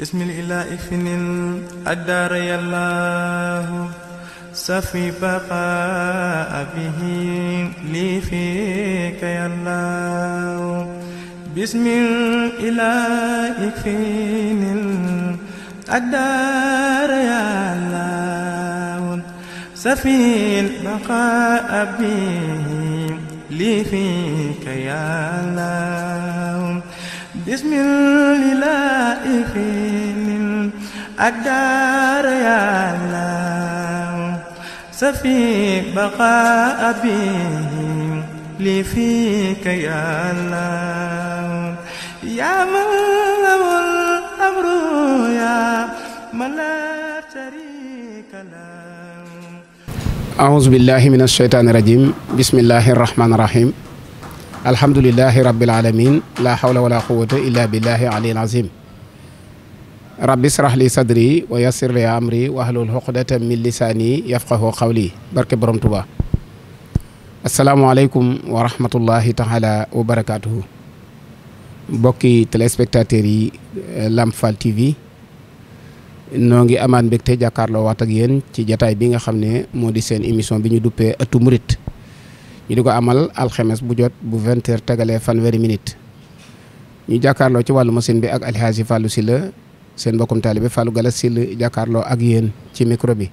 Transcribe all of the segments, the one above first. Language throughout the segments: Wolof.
بسم الإله الأدار يا الله سفي بقاء به لي فيك يا الله بسم الإله الأدار يا الله سفي البقاء به لي فيك يا الله bismillahi finin الدار يا الله سفي بقاء بهم لي فيك يا الله يا من له الأمر يا من لا شريك له أعوذ بالله من الشيطان الرجيم بسم الله الرحمن الرحيم alhamdulilahi rabbil alamin la hawla wala quwata illa billahi aliyil azim rabbi israh li sadri wa yassir li amri wa ahlul uqdatan min lisani yafqahu qawli barke borom Tuuba asalaamualeykum wa rahmatullahi taala wa barakatuhu mbokki téléspectateurs yi eh, Lamp Fall TV noo ngi amaat mbégte jàkkaarloo waat ak yéen ci jataay bi nga xam ne moo di seen émission bi ñu duppee ëttu murit ñu di ko amal alxemes bu jot bu vingt heures fan fanweeri minit ñu jàkkaarloo ci wàllu machine bi ak alxaaji Fallou Sylla seen mbokkum taalibe Fallou gala Sylla jàkkaarloo ak yéen ci micro bi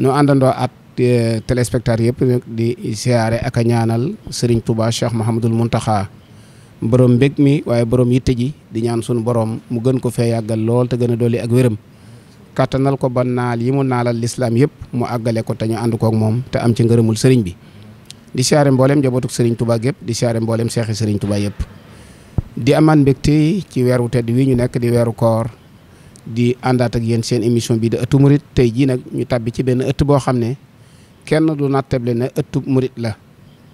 ñu àndandoo at eh, téléspectateur yëpp di siyaare ak a ñaanal Serigne Touba Cheikh Mouhamadul Mountakha borom mbég mi waaye borom yitte ji di ñaan sunu borom mu gën ko fee yàggal lool te gën a dolli ak wéram kattanal ko ba naal yi mu naalal lislaam yëpp mu àggale ko te ñu ànd kook moom te am ci ngërëmul sëriñ bi di siyaare mboolem njabootuk sëriñ Touba gépp di siyaare mboolem seexi sëriñ Touba yëpp di amaan mbégte ci weeru tedd wi ñu nekk di weeru koor di àndaat ak yéen seen émission bii di ëttu murit tey jii nag ñu tàbbi ci benn ëtt boo xam ne kenn du nattable ne ëttu murit la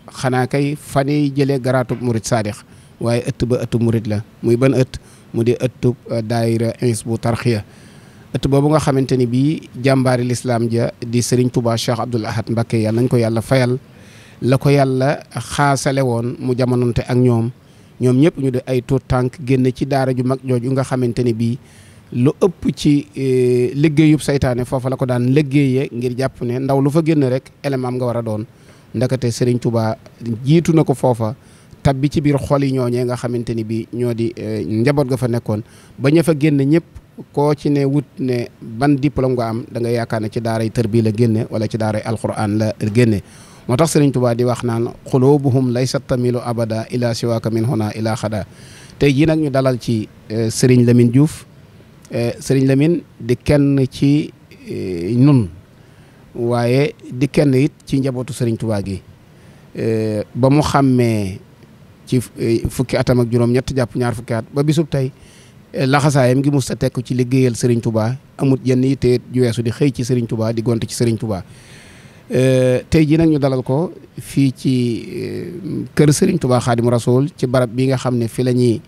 xanaa kay fan yi jëlee garaatub murit saadix waaye ëtt ba ëttu murit la muy ban ëtt mu di ëttub euh, daayira Hizbut Tarqiyyah ëtt boobu nga xamante ni bii jàmbaari lislaam ja di sëriñ Touba Cheikh Abdoul Ahad Mbacké nañ ko yàlla fayal la ko yàlla xaasale woon mu jamononte ak ñoom ñoom ñëpp ñu de ay tuut tànk génn ci daara ju mag jooju nga xamante ni bii lu ëpp ci eh, liggéeyub saytaane foofa la ko daan liggéeyee ngir jàpp ne ndaw lu fa génn rek élément am nga war a doon ndakate Serigne Touba jiitu na ko foofa tabbi ci biir xol yi ñooñee nga xamante ni bii ñoo di eh, njaboot ga fa nekkoon ba ña fa génn ñëpp koo ci ne wut ne ban diplôme nga am da yaakaar ne ci daaray tër bii la génne wala ci daaray alquran la génne moo tax sëriñ tubaa di wax naan xulubuhum laysa tamilu abada ila siwaaka min huna ila xada tey jii nag ñu dalal ci eh, sëriñ Lamine Diouf eh, sëriñ Lamine di kenn ci nun eh, waaye di kenn it ci njabootu sëriñ tubaa gi ba mu xam mee ci fukki atam ak juróom ñett jàpp ñaar fukki at ba bisub tey laxasaayam ngi mus a tekk ci liggéeyal sëriñ Tuubaa amut yenn yitte ju weesu di xëy ci sëriñ tubaa di gont ci sëriñ Tuubaa Euh, tey jii nag ñu dalal ko fii ci euh, kër sëriñ Serigne Touba Khadim Rasoul ci barab bii nga xam ne fi la ñuy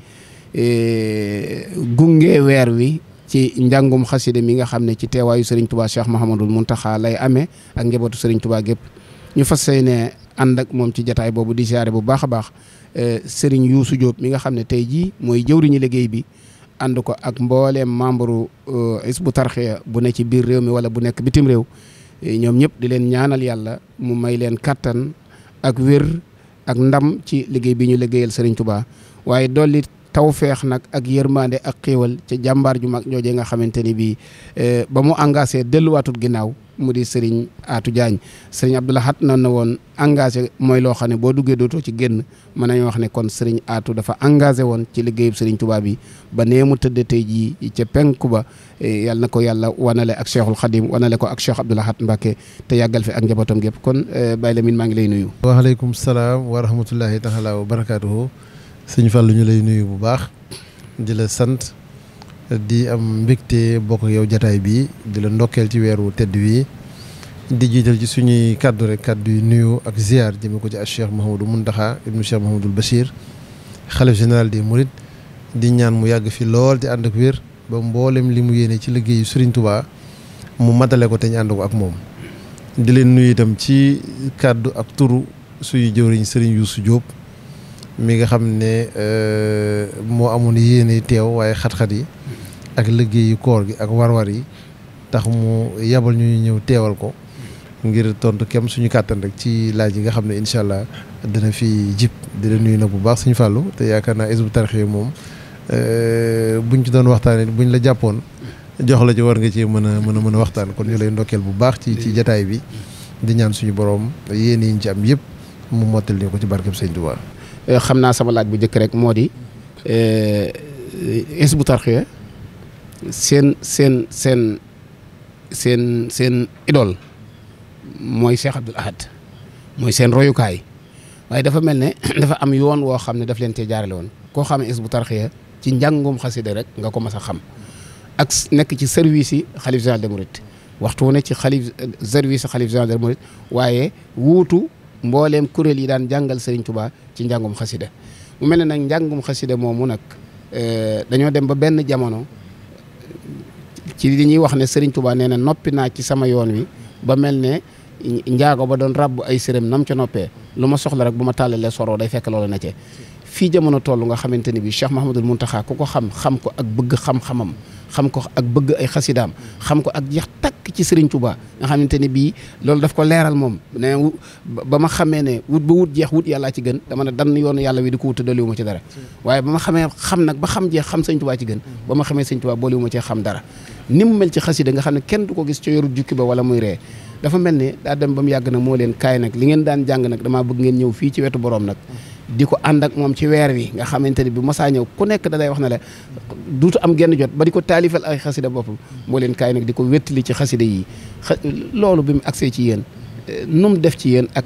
euh, gunge weer wi ci njàngum xaside mi nga xam ne ci teewaayu Serigne Touba Cheikh Mouhamadul Mountakha lay amee ak njabootu Serigne Touba gépp ñu fas yéene ànd ak moom ci jataay boobu di siyaare bu baax a baax Serigne Youssou Diop mi nga xam ne tey jii mooy jëwriñu liggéey bi ànd ko ak mbooleem membre Hizbut Tarqiyyah bu nekk ci biir réew mi wala bu nekk bitim réew. ñoom ñëpp di leen ñaanal yàlla mu may leen kàttan ak wér ak ndam ci liggéey bi ñu liggéeyal Serigne Touba waaye dool dolli tawfeex nag ak yërmande ak xéewal ca jàmbaar ju mag joojee nga xamante ni bii eh, ba mu engagé delluwaatut ginnaaw mu di Serigne aatu Diagne Serigne Abdou Lahad noonu na woon engage mooy loo xam ne boo duggee dootoo ci génn mën nañu wax ne kon Serigne aatu dafa engagé woon ci liggéeyub Serigne tubaab yi ba nee mu tëdd tey jii ca penku ba eh, yàlla na ko yàlla wana wanale ak Cheikhul Khadim wanale ko ak Cheikh Abdou Lahad Mbacké te yàggal fi ak njabootam gépp kon eh, Baye Lamine maa ngi lay nuyu. waaleykum salaam wa rahmatullahi taala wa barakaatuhu sëñ Fallou ñu lay nuyu bu baax di sant. di am mbégte bokk yow jataay bi di la ndokkeel ci weeru tedd wi di jiital ci suñuy kàddu rek kàddu yu nuyu ak ziar jëme ko ci ak Cheikh Mouhamadou Mountakha ibnu Cheikh Mouhamadoul Bachir xalif général des Mourides di ñaan mu yàgg fi lool te ànd ak wér ba mboolem li mu yéene ci liggéeyu Serigne Touba mu matale ko te ñu ànd ko ak moom. di leen nuyu itam ci kàddu ak turu suñu jëwriñ sëriñ Youssou Diop mi nga xam ne euh, moo amoon yéene teew waaye xat-xat yi ak liggéeyu koor gi ak war-war yi tax mu yabal ñu ñëw teewal ko ngir tontu kem suñu kàttan rek ci laaj yi nga xam ne incha allah dina fi jib di la nuyu na bu baax suñu fàllu te yaakaar naa Hizbut Tarqiyyah moom euh, buñ ci doon waxtaanee buñ la jàppoon jox la ci war nga ci mën a mën a mën a waxtaan kon ñu lay ndokkeel bu baax ci ci jataay bi di ñaan suñu borom yéen yiñ ci am yëpp mu mottal ñu ko ci bar sëñ Tuubaa Euh, xam naa sama laaj bu njëkk rek moo di euh, Hizbut Tarqiyyah seen seen seen seen seen idole mooy Cheikh Abdoul Ahad mooy seen royukaay waaye dafa mel ne dafa am yoon woo xam ne daf leen cee jaarale woon koo xam ne Hizbut Tarqiyyah ci njàngum xasida rek nga ko mas a xam ak nekk ci service yi xalif général des mourides waxtu ne ci xalif euh, service xalif général des mourides waaye wuutu mbooleem kuréel yi daan jàngal Serigne Touba ci njàngum xasida mu mel ne nag njàngum xasida moomu nag eh, dañoo dem ba benn jamono ci li ñuy wax ne Serigne tubaa nee na noppi naa ci sama yoon wi ba mel ne njaago ba doon ràbb ay sërëm nam ca noppee lu ma soxla rek bu ma tàllalee soroo day fekk loolu na cee fii jamono toll nga xamante ni bi Cheikh Mahamadul Muntaxa ku ko xam xam ko ak bëgg xam-xamam xam ko ak bëgg ay xasidaam xam ko ak jeex takk ci Serigne Touba nga xamante ne bii loolu daf ko leeral moom ne ba ma xamee ne wut ba wut jeex wut ci gën dama ne dann yoonu yàlla wi di ko wut doliwu ma ci dara waaye ba ma xamee xam nag ba xam jeex xam Serigne Touba ci gën ba ma xamee Serigne Touba ma cee xam dara ni mu mel ci xasida nga xam ne kenn du ko gis ci yoru jukki ba wala muy ree dafa mel ne daa dem ba mu yàgg na moo leen kaay nag li ngeen daan jàng nag dama bëgg ngeen ñëw fii ci wetu borom nag di ko ànd ak moom ci weer wi nga xamante ni bi masaa ñëw ku nekk da wax ne la duutu am genn jot ba di ko taalifal ay xasida boppam moo leen kaay nag di ko wéttali ci xasida yi loolu bi mu agsee ci yéen eh, nu mu def ci yéen ak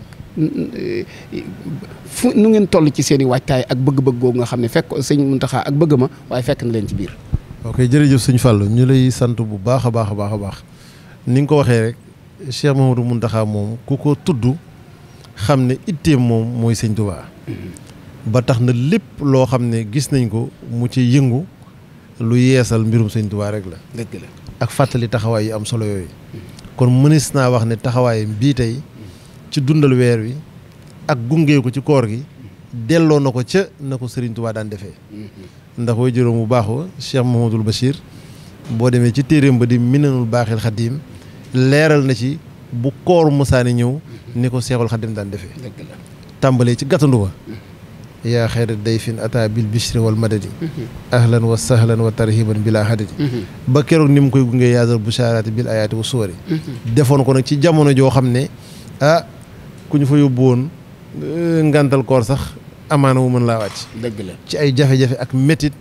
fu nu ngeen toll ci seen i waajtaay ak bëgg-bëgg googu nga xam ne fekk sëñ Muntaxa ak bëgg ma waaye fekk na leen ci biir ok jëf suñ Fallou ñu lay sant bu baax a baax a baax a baax ni nga ko waxee rek Cheikh Mamadou Muntaxa moom ku ko tudd xam ne itteem moom mooy sëñ Tuubaa ba tax na lépp loo xam ne gis nañ ko mu ci yëngu lu yeesal mbirum sëñ Tuubaa rek la. dëgg ak fàttali taxawaay yu am solo yooyu. kon mënees naa wax ne taxawaayam bii tey ci dundal weer wi ak gunge ko ci koor gi. delloo na ko ca na ko Serigne Touba daan defee. ndax way juróom bu baaxoo Cheikh Mouhamadoul Bachir. boo demee ci téeréem ba di mi minanul baaxil xadim leeral na ci bu koor musaani ñëw ni ko Seexul Xadim daan defee. tàmbalee ci gàttandu wa yaa xayra dayfin ata bil bishri wal madadi ahlan wa sahlan wa tarhiban bila hadadi ba keroog ni mu koy gunge bu bushaaraati bil ayaati wa suwari defoon ko nag ci jamono joo xam ne ah ku ñu fa yóbbu woon eh, ngantal koor sax amaana wu mën laa wàcc ci ay jafe-jafe ak métit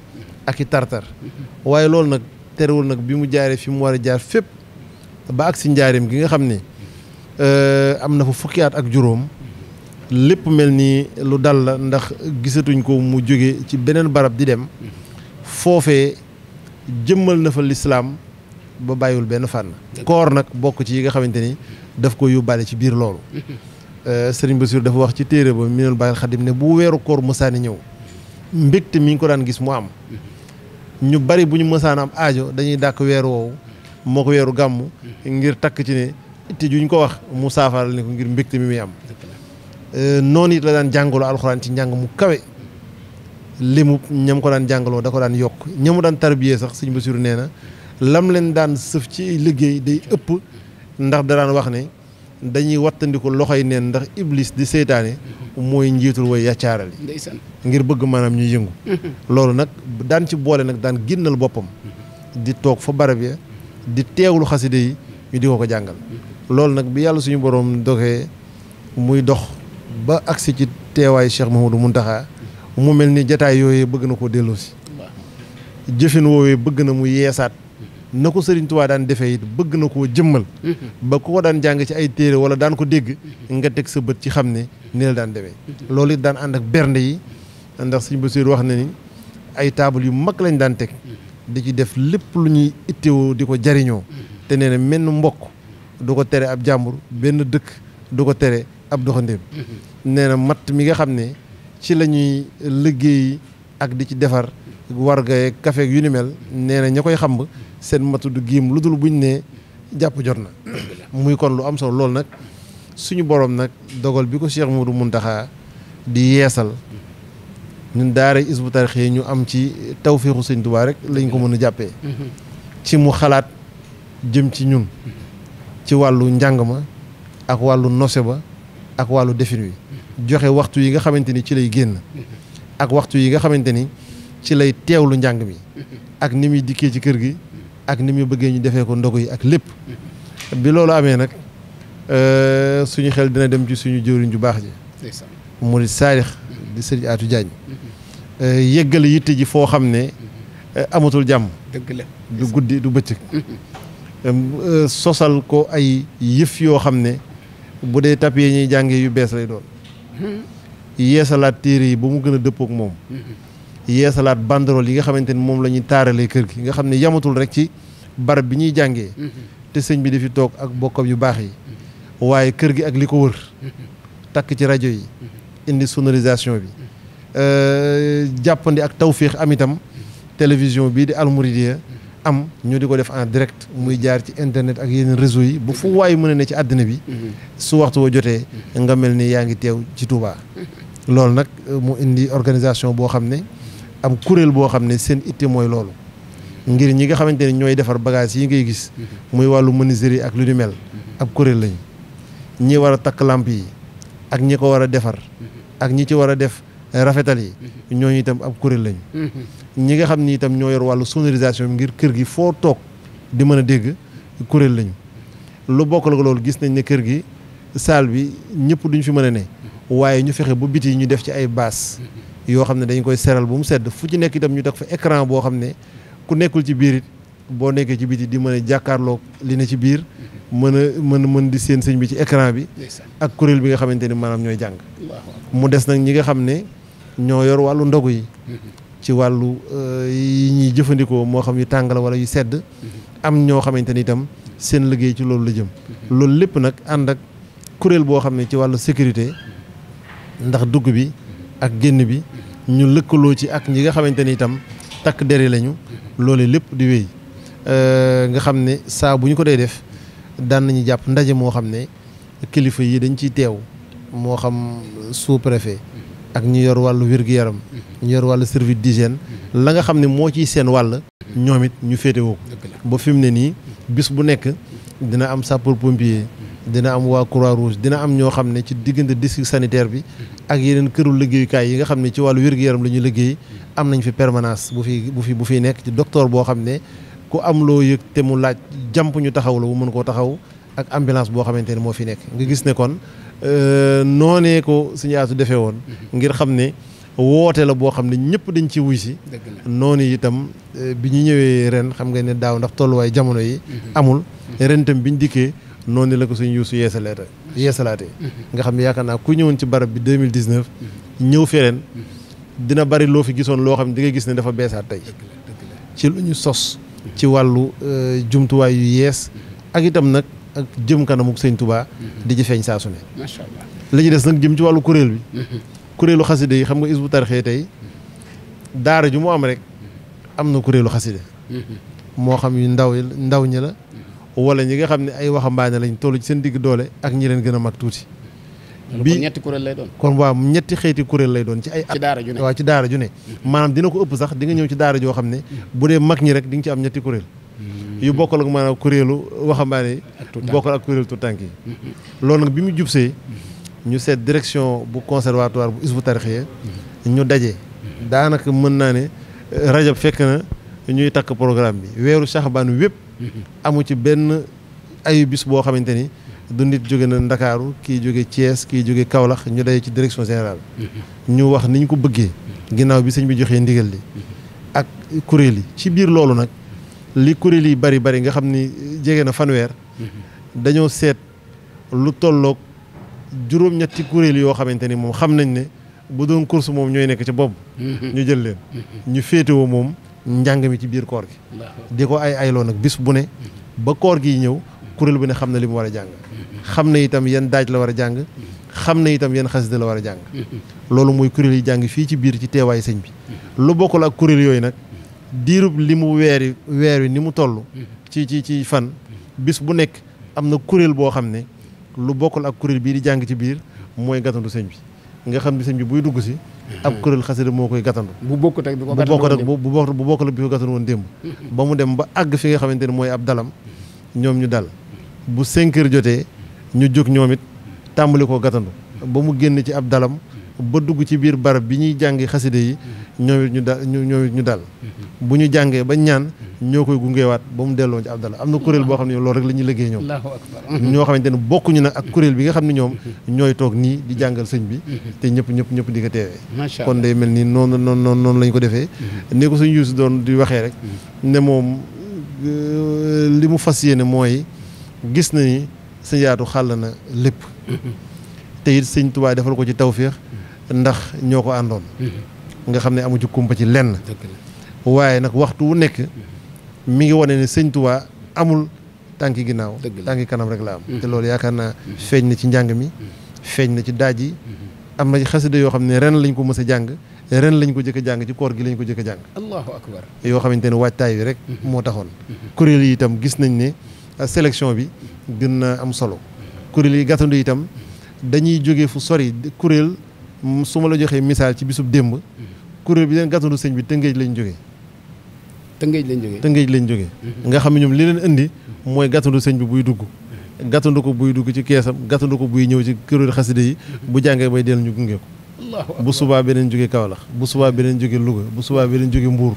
ak i tartar waaye loolu nag terewul nag bi mu jaaree fi mu war a jaar fépp ba ak si njaarim gi nga xam ne eh, am na fa fukki at ak juróom lépp mel nii lu dal la ndax gisatuñ ko mu jóge ci beneen barab di dem foofee jëmmal na fa lislaam ba bàyyiwul benn fànn koor nag bokk ci yi nga xamante ni daf ko yóbbaale ci biir loolu euh, sëriñ Bassirou dafa wax ci téere ba minul bàyyil xadim ne bu weeru koor mësaani ñëw mbégte mi ngi ko daan gis mu am ñu bari bu ñu mësaan am aajo dañuy dàkk weer woowu moo ko weeru gàmmu ngir takk ci ne te juñ ko wax mu saafaral ni ko ngir mbégte mi muy am Euh, noonu it la daan jàngaloo alxuraan ci njàng mu kawe limu ñam ko daan jàngaloo da ko daan yokk ñamu daan tarbiyee sax sëñ Basiru nee na lam leen daan sëf ci liggéey day ëpp ndax da daan wax ne dañuy wattandiku loxoy neen ndax iblis di seytaane mooy njiitul way yàccaarali ngir bëgg maanaam ñu yëngu mm-hmm. loolu nag daan ci boole nag daan génnal boppam mm-hmm. di toog fa barab ya di teewlu xaside yi ñu di ko ko jàngal mm-hmm. loolu nag bi yàlla suñu borom doxee muy dox ba agsi ci teewaayu du mun Mountakha mu mel ni jataay yooyu bëgg na koo delloosi jëfin woowee bëgg na mu yeesaat na ko sëriñtuwaa daan defee it bëgg na koo jëmmal ba ku ko daan jàng ci ay téere wala daan ko dégg nga teg sa bët ci xam ne ni la daan demee loolu it daan ànd ak bernde yi ndax Serigne Bassirou wax na ni ay taabal yu mag lañ daan teg di ci def lépp lu ñuy ittewoo di ko jariñoo te nee menn mbokk du ko tere ab jàmbur benn dëkk du ko tere ab doxandéem mm-hmm. nee na matt mi nga xam ne ci la ñuy liggéey ak di ci defar warga kafeeg yu ni mel nee ña koy xamb seen matu du giim lu dul buñ ne jàpp jot na muy kon lu am solo lool nag suñu boroom nag dogal bi ko Cheikh Modou Mountakha di yeesal ñun daara Hizbut Tarqiyyah ñu am ci tawféexu sëñ Tuubaa rek lañ ko mën a jàppee mm-hmm. ci mu xalaat jëm ci ñun mm-hmm. ci wàllu njàng ma ak wàllu nose ba ak wàllu defin wi joxe waxtu yi nga xamante ni ci lay génn ak waxtu yi nga xamante ni ci lay teewlu njàng mi ak ni muy dikkee ci kër gi ak ni muy bëggee ñu defee ko ndogu yi ak lépp bi loolu amee nag euh, suñu xel dina dem ci suñu jëwriñ ju baax ji mu di saarix di sëriñ Atou mm-hmm. euh, yëggale yitte ji foo xam ne euh, amatul jàmm dëgg du guddi du bëccëg mm-hmm. sosal ko ay yëf yoo xam ne bu dee tapis ñuy jàngee yu bees lay doon yeesalaat téere yi ba mu gën a dëppook moom yeesalaat banderole yi nga xamante ni moom la ñuy taaralee kër gi nga xam ne yamatul rek ci barab bi ñuy jàngee te sëñ bi dafi toog ak bokkam yu baax yi waaye kër gi ak li ko wër takk ci rajo yi indi sonorisation bi euh, jàppandi ak tawféex am itam télévision bii di Al am ñu di ko def en direct muy jaar ci internet ak yeneen réseaux yi bu fu waay mën na ne ci àddina bi mhm. su waxtu wa jotee mhm. nga mel ni yaa ngi teew ci Touba mhm. loolu nag euh, mu indi organisation boo xam ne ab kuréel boo xam ne seen itte mooy loolu ngir ñi nga xamante ne ñooy defar bagage yi ngay gis muy wàllu menuiserie ak lu ni mel ab kuréel lañ ñi war a takk lamp yi ak ñi ko war a defar ak ñi ci war a def rafetal yi ñooñu itam ab kuréel lañu mm-hmm. ñi nga xam ni itam ñoo yor wàllu sonorisation bi ngir kër gi foo toog di mën a dégg kuréel lañu lu bokkal ko loolu gis nañ ne kër gi saal bi ñëpp duñ fi mën a ne waaye ñu fexe bu biti ñu def ci ay baas mm-hmm. yoo xam ne dañ koy seral bu mu sedd fu ci nekk itam ñu teg fa écran boo xam ne ku nekkul ci biir it boo nekkee ci biti di mën a jàkkaarloo li ne ci biir mm-hmm. mën a mën mën di seen sëñ bi ci écran bi ak kuréel bi nga xamante ni maanaam ñooy jàng mu ñi nga xam ne ñoo yor wàllu ndogu yi mm-hmm. ci wàllu euh, yi ñuy jëfandikoo moo xam yu tàng la wala yu sedd mm-hmm. am ñoo xamante ni itam seen liggéey ci loolu la jëm mm-hmm. loolu lépp nag ànd ak kuréel boo xam ne ci wàllu sécurité ndax dugg bi ak génn bi ñu lëkkaloo ci ak ñi nga xamante ni itam takk deri lañu loole lépp di wéy euh, nga xam ne saa bu ñu ko dee def daan nañu jàpp ndaje moo xam ne kilifa yi dañ ciy teew moo xam sous-préfet ak ñu yor wàllu wér yaram mhm. ñu yor wàllu service d'hygiène mhm. la nga xam ne moo ciy seen wàll mhm. ñoom it ñu féetewoo ba fi mu ne nii bis bu nekk dina am sapeur pompier dina am waa croix rouge dina am ñoo xam ne ci diggante district sanitaire bi ak yeneen këru liggéeyukaay yi nga xam ne ci wàllu wér yaram la ñuy liggéey am nañ fi permanance bu fi bu fi bu fi nekk ci docteur boo xam ne ku am loo yëg te mu laaj jàmp ñu taxaw la bu mën koo taxaw ak ambulance boo xamante ne moo fi nekk nga gis ne kon Euh, noonee ko suñu aatu defee woon ngir xam ne wootee la boo xam ne ñëpp dañ ci wuy si noonu itam euh, bi ñu ñëwee ren xam nga ne daaw ndax tolluwaay jamono yi mhm. amul mhm. ren itam bi ñu dikkee noonu la ko suñu yuusu yeesalaate mhm. yeesalaate nga xam ne yaakaar naa ku ñëwoon ci barab bi 2019 ñëw fi ren dina bari loo fi gisoon loo xam ne di nga gis ne dafa beesaat tey ci lu ñu sos ci wàllu euh, jumtuwaay yu yees ak itam nag ak jëm kanamu sëñ Touba. Mhm. di ci feeñ saa ne. macha li ci des nag jëm ci wàllu kuréel bi. Mhm. kuréelu xaside yi xam nga isbu tarxee tey mhm. daara ju mu am rek am na kuréelu xaside. moo xam yu ndaw ndaw ñi la. wala ñi nga xam ne ay waxambaane lañ toll ci seen digg doole ak ñi leen gën a mag tuuti. bi ñetti kuréel lay doon. kon waaw ñetti xeeti kuréel lay doon ci ay. ci daara ju ne waaw ci daara ju ne. maanaam dina ko ëpp sax di nga ñëw ci daara joo xam ne. bu dee mag ñi rek di nga ci am ñetti kuréel. yu bokkal ak maanaam kuréelu waxambaane yi bokkal ak kuréelu tuutànk yi loolu nag bi mu jubsee ñu seet direction bu conservatoire bu isbu tarixiya ñu daje daanaka mën naa ne euh, rajab fekk na ñuy takk programme bi weeru saxbaan wépp amu ci benn ayu bis boo xamante ni du nit jóge na ndakaaru kii jóge Thiès kii jóge Kaolack ñu daje ci direction général ñu wax ni ñu ko bëggee ginnaaw bi sëñ bi joxee ndigal li ak kuréel yi ci biir loolu nag li kuréel yi bari bari nga xam ni jege na fanweer mhm. dañoo seet lu tolloog juróom-ñetti kuréel yoo xamante ni moom xam nañ ne bu doon course moom ñooy nekk ci bopp mhm. ñu jël leen mhm. ñu féetewoo moom njàng mi ci biir koor gi di ko ay ayloo nag bis bu ne ba koor gi ñëw kuréel bi ne xam na li mu war a jàng xam na itam yan daaj la war a jàng xam na itam yan xasida la war a jàng loolu mooy kuréel yi jàng fii ci biir ci teewaay sëñ bi lu bokkul ak kuréel yooyu nag diirub li mu weeri weer wi ni mu toll ci ci ci fan bis bu nekk am na kuréel boo xam ne lu bokkul ak kuréel bii di jàng ci biir mooy gatandu sëñ bi nga xam ne sëñ bi buy dugg si ab kuréel xasida moo koy gatandu bu bokkut ak bu bokkul ak bi ko gatandu woon démb ba mu dem ba àgg fi nga xamante ne mooy ab dalam ñoom ñu dal bu cinq jotee ñu jóg ñoom it tàmbali koo gatandu ba mu génn ci ab dalam ba dugg ci biir barab bi ñuy jàngi xaside yi mhm. ñoom it ñu dal ñoom it ñu dal bu ñu jàngee ba ñaan mhm. ñoo koy gungewaat ba mu delloo ci Abdallah am na kuréel boo xam ne loolu rek la ñuy liggéey ñoom mhm. ñoo xamante ne bokkuñu nag ak kuréel bi nga xam ne ñoom ñooy toog nii di jàngal sëñ bi te ñëpp ñëpp ñëpp di ko teewee kon day mel nii noonu noonu noonu noonu la ñu ko defee ne ko suñ yuusi doon di waxee rek ne moom euh, li mu fas yéene mooy gis na ni sëñ xàll na lépp te it sëñ Tuubaa defal ko ci tawféex ndax ñoo ko àndoon mm-hmm. nga xam ne amu ci kumpa ci lenn waaye nag waxtu wu nekk mm-hmm. mi ngi wane ne sëñ Tuubaa amul tànki ginnaaw tànki kanam rek la am mm-hmm. te loolu yaakaar naa feeñ na ci njàng mi feeñ na ci daaj yi am na ci yoo xam ne ren lañ ko mës a jàng ren lañ ko jëkk a jàng ci koor gi lañ ko jëkk a jàng allahu akbar yoo xamante ne waajtaay wi rek moo taxoon kuréel yi itam gis nañ ne ah, sélection bi gën dina am solo kuréel yi gàttandu itam dañuy jóge fu sori kuréel su ma la joxee misaal ci bisub démb mm-hmm. kuréel bi leen gàttandu sëñ bi tëngéej lañ jógee tëngéej lañ jóge tëngéej lañ jógee mm-hmm. nga xam ne ñoom li leen indi mm-hmm. mooy gàttandu sëñ bi buy dugg gàttandu ko buy dugg ci keesam gàttandu ko buy ñëw ci kuréel xaside yi bu jàngee bay deel ñu gunge ko bu subaa beneen jóge Kaolack bu subaa beneen jóge Louga bu subaa beneen jóge Mbuur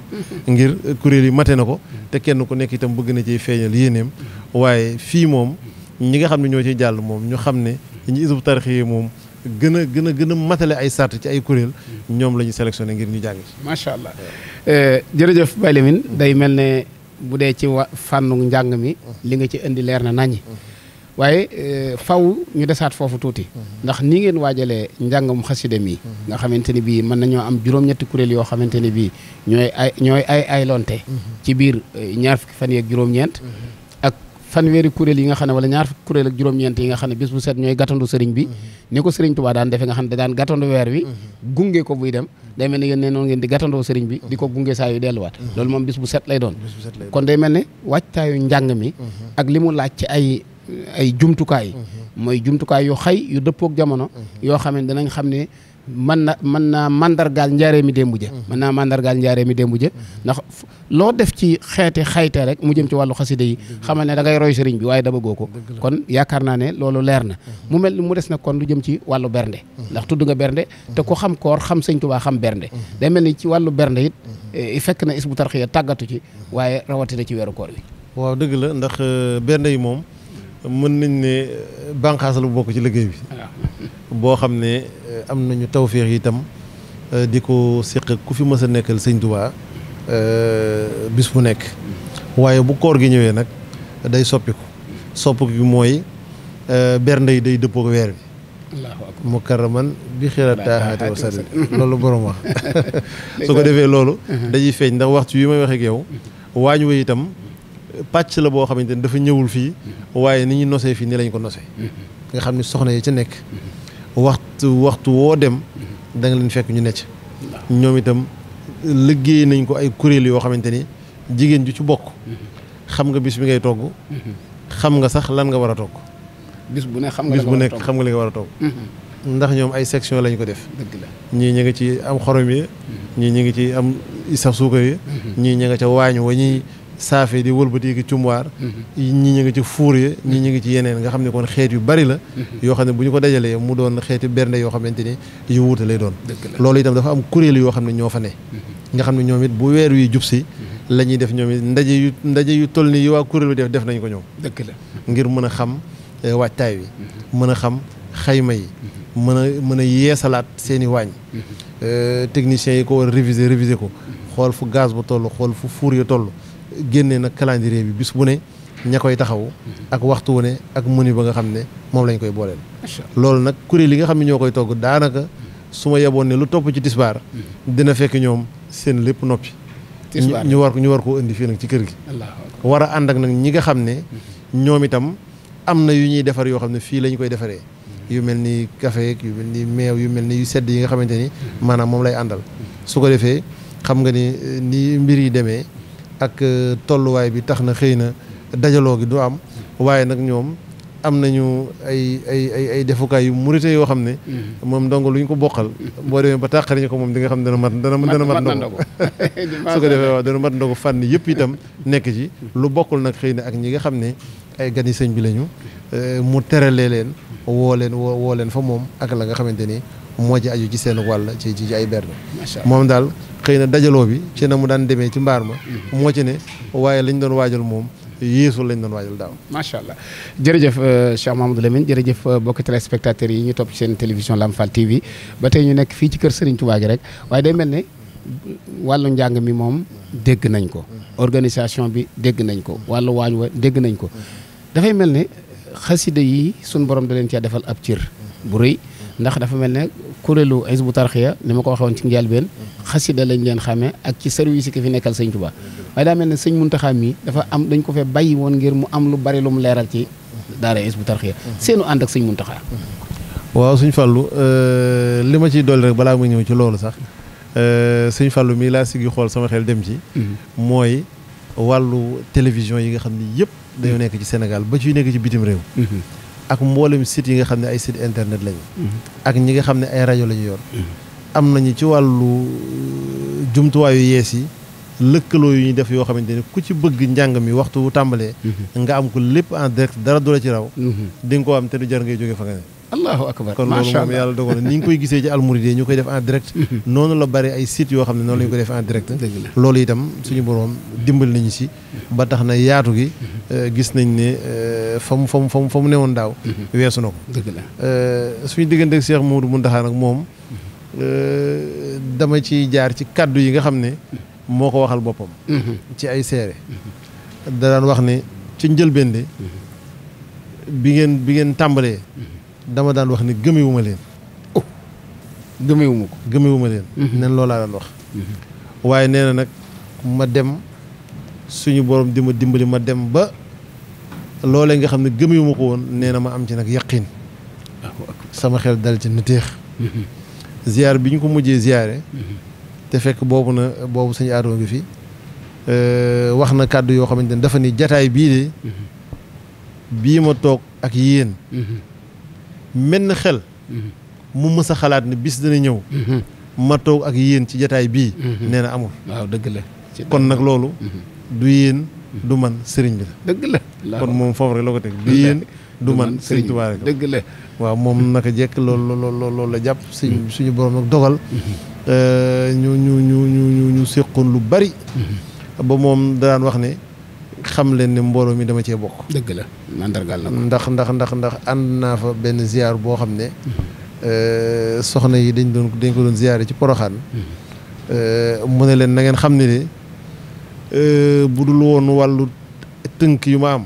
ngir kuréel yi mate na ko te kenn ku nekk itam bëgg na ciy feeñal yéeneem waaye fii moom ñi nga xam ne ñoo ciy jàll moom ñu xam ne ñi isub moom gën a gën gën a matale ay sart ci ay kuréel mm. ñoom la ñu sélectionné ngir ñu jàng ci. macha allah eh, jërëjëf Baye mm. day mel ne bu dee ci wa fànnu njàng mi mm. li nga ci indi leer na naññi waaye eh, faw ñu desaat foofu tuuti ndax nii ngeen waajalee njàngam xasida yi nga xamante ni bii mën nañoo am juróom-ñetti kuréel yoo xamante ni bii ñooy ay ñooy ay ay lonte mm-hmm. ci biir eh, ñaar fukki fan yeeg juróom-ñeent mm-hmm. fanweeri kuréel yi nga xam ne wala ñaar fukki kuréel ak juróom-ñeent yi nga xam ne bis bu set ñooy gàttandu sëriñ bi mm-hmm. ni ko sëriñ Tuubaa daan defe nga xam ne daan gàttandu weer wi mm-hmm. gunge ko buy dem day mel ne yéen ne noonu ngeen di gàttandoo sëriñ bi di ko mm-hmm. gunge saa delluwaat loolu moom bis bu set lay doon kon day mel ne wàcctaayu njàng mi ak li mu laaj ay jumtukaay mooy jumtukaay yu xay yu dëppook jamono yoo xam ne danañ xam ne man na man naa mandargaal njaaree mi démb ja mm-hmm. mën naa mandargaal njaaree mi démb ja mm-hmm. ndax loo def ci xeeti xayte rek mu jëm ci wàllu xasida yi xamal ne da ngay bi waaye da bëggoo ko kon yaakaar naa ne loolu leer na mm-hmm. mu mel mu des nag kon lu jëm ci wàllu bernde ndax tudd nga bernde te ku xam koor xam sëñ Tuubaa xam bernde day mel ni ci wàllu bernde it eh, fekk na Hizbut Tarqiyyah tàggatu ci waaye rawatina ci weeru koor wi waaw dëgg la ndax eh, bernde yi moom mën nañ ne eh, bànqaas la bu ci liggéey bi boo xam ne euh, am nañu tawféex tam euh, di ko séq ku fi mës a nekkal sëñ Tuubaa euh, bis bu nekk waaye bu koor gi ñëwee nag day soppiku soppiku gi mooy bernde yi day dëppoo weer bi mukaraman bi xira taaxaate wa sari loolu borom wax su ko defee loolu uh-huh. dañuy feeñ ndax waxtu yi may wax ak yow waañ wa itam pàcc la boo xamante ne dafa ñëwul fii uh-huh. waaye ni ñu nosee fii ni lañ ko nosee uh-huh. nga xam ne soxna yi ci nekk waxtu waxtu woo dem da nga leen fekk ñu ne necc ñoom itam liggéey nañ ko ay kuréel yoo xamante ni jigéen ju ci bokk xam nga bis bi ngay togg xam nga sax lan nga war a togg bis bu nekk xam nga li nga war a togg mhm. ndax ñoom ay section lañ ko def ñii ñu ngi ci am xorom yi mhm. ñii ñu ngi ci am saf suukar yi mhm. ñii ñu ca waañ wa saafe di wëlbati ki cumwaar mhm. ñi ñu ngi ci fuur ya ñi ñu ngi ci yeneen nga xam ne kon xeet yu bari la mhm. yoo xam ne bu ñu ko dajalee mu doon xeeti bernde yoo xamante ni yu wuute lay doon loolu itam dafa am kuréel yoo xam ne ñoo fa ne mhm. nga xam ne ñoom it bu weer wii jub si la ñuy def ñoom it ndaje yu toll nii yi waa kuréel bi def def nañ ko ñoom dëgg la ngir mën a xam eh, waajtaay wi mën a xam xayma yi mën a mën a yeesalaat seen i waañ eh, techniciens yi ko war a réviser réviser ko xool fu gaz bu toll xool fu fuur ya toll génnee nag calendrier bi bis bu ne ña koy taxaw ak waxtu wu ne ak menu ba nga xam ne moom lañ koy booleel. loolu nag kuréel yi nga xam ne ñoo koy togg daanaka su ma yeboon ne lu topp ci tisbaar dina fekk ñoom seen lépp noppi. ñu war ñu war koo indi fii nag ci kër gi. war a ànd ak nag ñi nga xam ne mhm. ñoom itam am na yu ñuy defar yoo xam ne fii lañ koy defaree. Mhm. yu mel ni café yu mel ni meew yu mel ni yu sedd yi nga xamante ni mhm. maanaam moom lay àndal su ko defee xam nga ni eh, ni mbir yi demee. ak euh, tolluwaay bi tax na xëy na dajaloo gi du am waaye nag ñoom am nañu ay ay ay ay defukaay yu murite yoo xam ne mm-hmm. moom ndongo lu ñu ko bokkal boo demee ba tàqariñu ko moom di nga xam ne dana mat dana dana mat ndogu su ko defee waaw dana mat ndogu fànn yëpp itam nekk ci lu bokkul nag xëy na ak ñi nga xam ne ay gani sëñ bi lañu euh, mu teralee leen woo leen fa moom ak la nga xamante ni moo ci aju ci seen wàll ci ci ay berne moom daal xëy na dajaloo bi ci na mu daan demee ci mbaar ma mm-hmm. moo ci ne waaye lañ doon waajal moom yéesu lañ doon waajal daaw macha allah jërëjëf euh, Cheikh Mamadou Lamine jërëjëf mbokki euh, téléspectateurs yi ñu topp ci seen télévision Lamfal TV ba tey ñu nekk fii ci kër Serigne Touba gi rek waaye day mel ne wàllu njàng mi moom dégg nañ ko organisation bi dégg nañ ko wàllu waañ wa dégg nañ ko mm-hmm. dafay mel ne xasida yi suñ borom da leen cee defal ab cir ndax dafa mel ne kuréelu bu Tarqiyyah ni ma ko waxee woon ci njëlbeen xasida lañ leen xamee ak ci service yi ki fi nekkal sëñ Tuubaa waaye daa mel ne sëñ Muntaxa mi dafa am dañ ko fee bàyyi woon ngir mu am lu bari lu mu leeral ci daara Hizbut Tarqiyyah seenu ànd ak sëñ Muntaxa waaw sëñ Fallu euh, li ma ciy dolli rek balaa ma ñëw ci loolu sax euh, sëñ Fallu mii laa sigi xool sama xel dem ci mhm. mooy wàllu télévision yi nga xam ne yëpp dañoo mhm. nekk ci Sénégal ba ci nekk ci bitim réew mhm. ak mboolem site yi nga xam ne ay site internet lañu mm-hmm. ak ñi nga xam ne ay rajo lañu ñu yoon mm-hmm. am nañu ci wàllu euh, jumtuwaayu yees yi lëkkaloo yu ñu def yoo xamante ni ku ci bëgg njàng mi waxtu wu tàmbalee mm-hmm. nga am ko lépp en direct dara du la ci raw di nga ko am te du jar ngay jóge fa nga ne allahu akbar kon loolu moom yàlla dogal ni ñu koy gisee ci almouride ñu koy def en direct noonu la bari ay sites yoo xam ne noonu la ñu koy def en direct loolu itam suñu boroom dimbali nañu si ba tax na yaatu gi euh, gis nañ ne euh, fa mu fa mu fa mu newoon daaw weesu na ko euh, suñu diggante ak Cheikh mun Mountakha nag moom dama ci jaar ci kàddu yi nga xam ne moo ko waxal boppam ci ay seere da daan wax ne ci njëlbeen de bi bi ngeen tàmbalee dama daan wax ni gëmewuma leen. oh gëmewuma ko. leen. Mhm. nen loolaa daan wax. Mhm. waaye nee na nag ma dem suñu borom di ma dimbali ma dem ba loolee nga xam ne gëmewuma ko woon nee na ma am ci nag yaqin. sama xel dal ci na téex mhm. ziar bi ñu ko mujjee ziare. te fekk boobu na boobu suñu aadoo ngi fi. wax na kàddu yoo xamante ne dafa ni jataay bii de. bii ma toog ak yéen. menn xel mm-hmm. mu mës a xalaat ne bis dina ñëw mm-hmm. ma toog ak yéen ci jataay bii mm-hmm. nee na amul kon nag loolu du yéen du man sëriñ bi la dëgg la kon moom foofu rek la ko du yéen du man sëriñ Tuubaa rek waaw moom naka jekk loolu loolu la jàpp suñu suñu borom nag dogal euh, ñu ñu ñu ñu séqoon lu bari ba moom daan wax ne xam leen ne mbooloo mi dama cee bokk. dëgg la mandargal na ndax ndax ndax ndax ànd naa fa benn ziar boo xam ne. Euh, soxna yi dañ doon dañ ko doon ziare ci poroxaan euh, mu ne leen na ngeen xam ne ni euh, bu dul woon wàllu tënk yu ma am.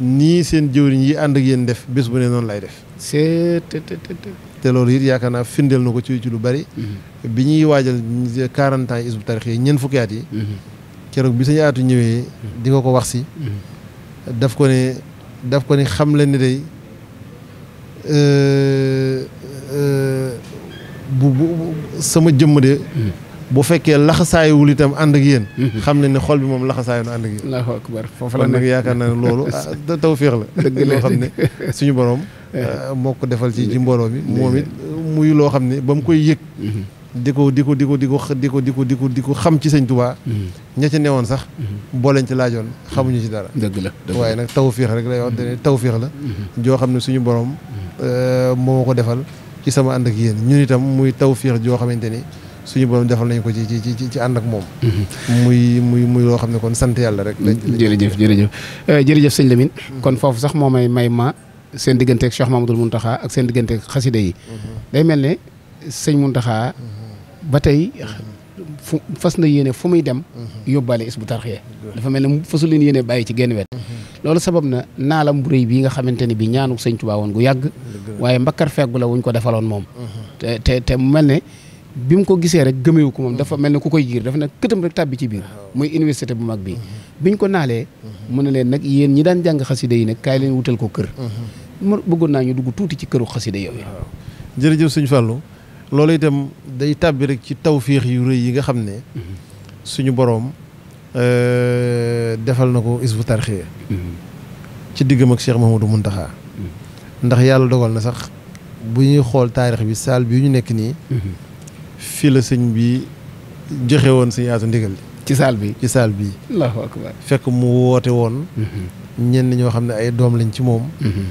nii seen jëwriñ yi ànd ak yéen def bés bu ne noonu lay def. c'est te loolu it yaakaar naa firndeel na ko ci ci lu bari. Mhm. bi ñuy waajal quarante ans Hizbut yi ñeent fukki yi. Mhm. ceroog bi sañu aatu ñëwee di ko ko wax si daf ko ne daf ko ne xam leen ni day euh, euh, bu bu sama jëmm de bu fekkee laxasaayuwul itam ànd ak yéen xam ne ni xol bi moom laxasaayu na ànd ak yéen foofu la nag yaakaar naa ne loolu ah, tawféex la loo xam ne suñu boroom ah, moo ko defal ci ci mbooloo bi moom it muy loo xam ne ba mu koy yëg di ko di ko di ko di di ko di ko di di ko xam ci sëñ Tuubaa mm-hmm. ña ca newoon sax mm-hmm. boo leen ci laajoon xamuñu ci dara dëgg la waaye nag tawfiix rek la yoo xam ne tawfiix la mm-hmm. joo xam ne suñu borom euh, moo ko defal ci sama ànd ak yéen ñun itam muy tawfiix joo xamante ni suñu borom defal nañu ko ci ci ci ci ànd ak moom. muy muy muy loo xam ne kon sant yàlla rek. jërëjëf jërëjëf euh, jërëjëf sëñ Lamine. kon foofu sax moo may may ma seen digganteeg Cheikh Mamadou Mountakha ak seen digganteeg xasida yi. day mel ne sëñ Mountakha. ba tey fu fas na yéene fu muy dem yóbbaale is bu tarxee dafa mel ne fasu leen yéene bàyyi ci genn wet loolu sabab na naalam bu réy bii nga xamante ne bi ñaanu sëñ Tuubaa woon gu yàgg waaye mbakkar feggu la wuñ ko defaloon moom te te te mu mel ne bi mu ko gisee rek gëmewu ko moom dafa mel ne ku koy jiir dafa nag këtam rek tàbbi ci biir muy université bu mag bi biñ ko naalee mu ne leen nag yéen ñi daan jàng xasida yi nag kaay leen wutal ko kër ma bëggoon naa ñu dugg tuuti ci këru xasida yooyu jërëjëf sëñ Fallou loolu itam day tàbbi rek ci tawfiix yu rëy yi nga xam ne suñu boroom euh, defal na ko isbu tarxiya ci diggam ak Cheikh mun Muntaxa ndax yàlla dogal na sax bu ñuy xool taarix bi saal bi yu ñu nekk nii fii la sëñ bi joxe woon sëñ Aatu ndigal li ci saal bi ci saal bi fekk mu woote woon ñenn ñoo xam ne ay doom lañ ci moom mhm.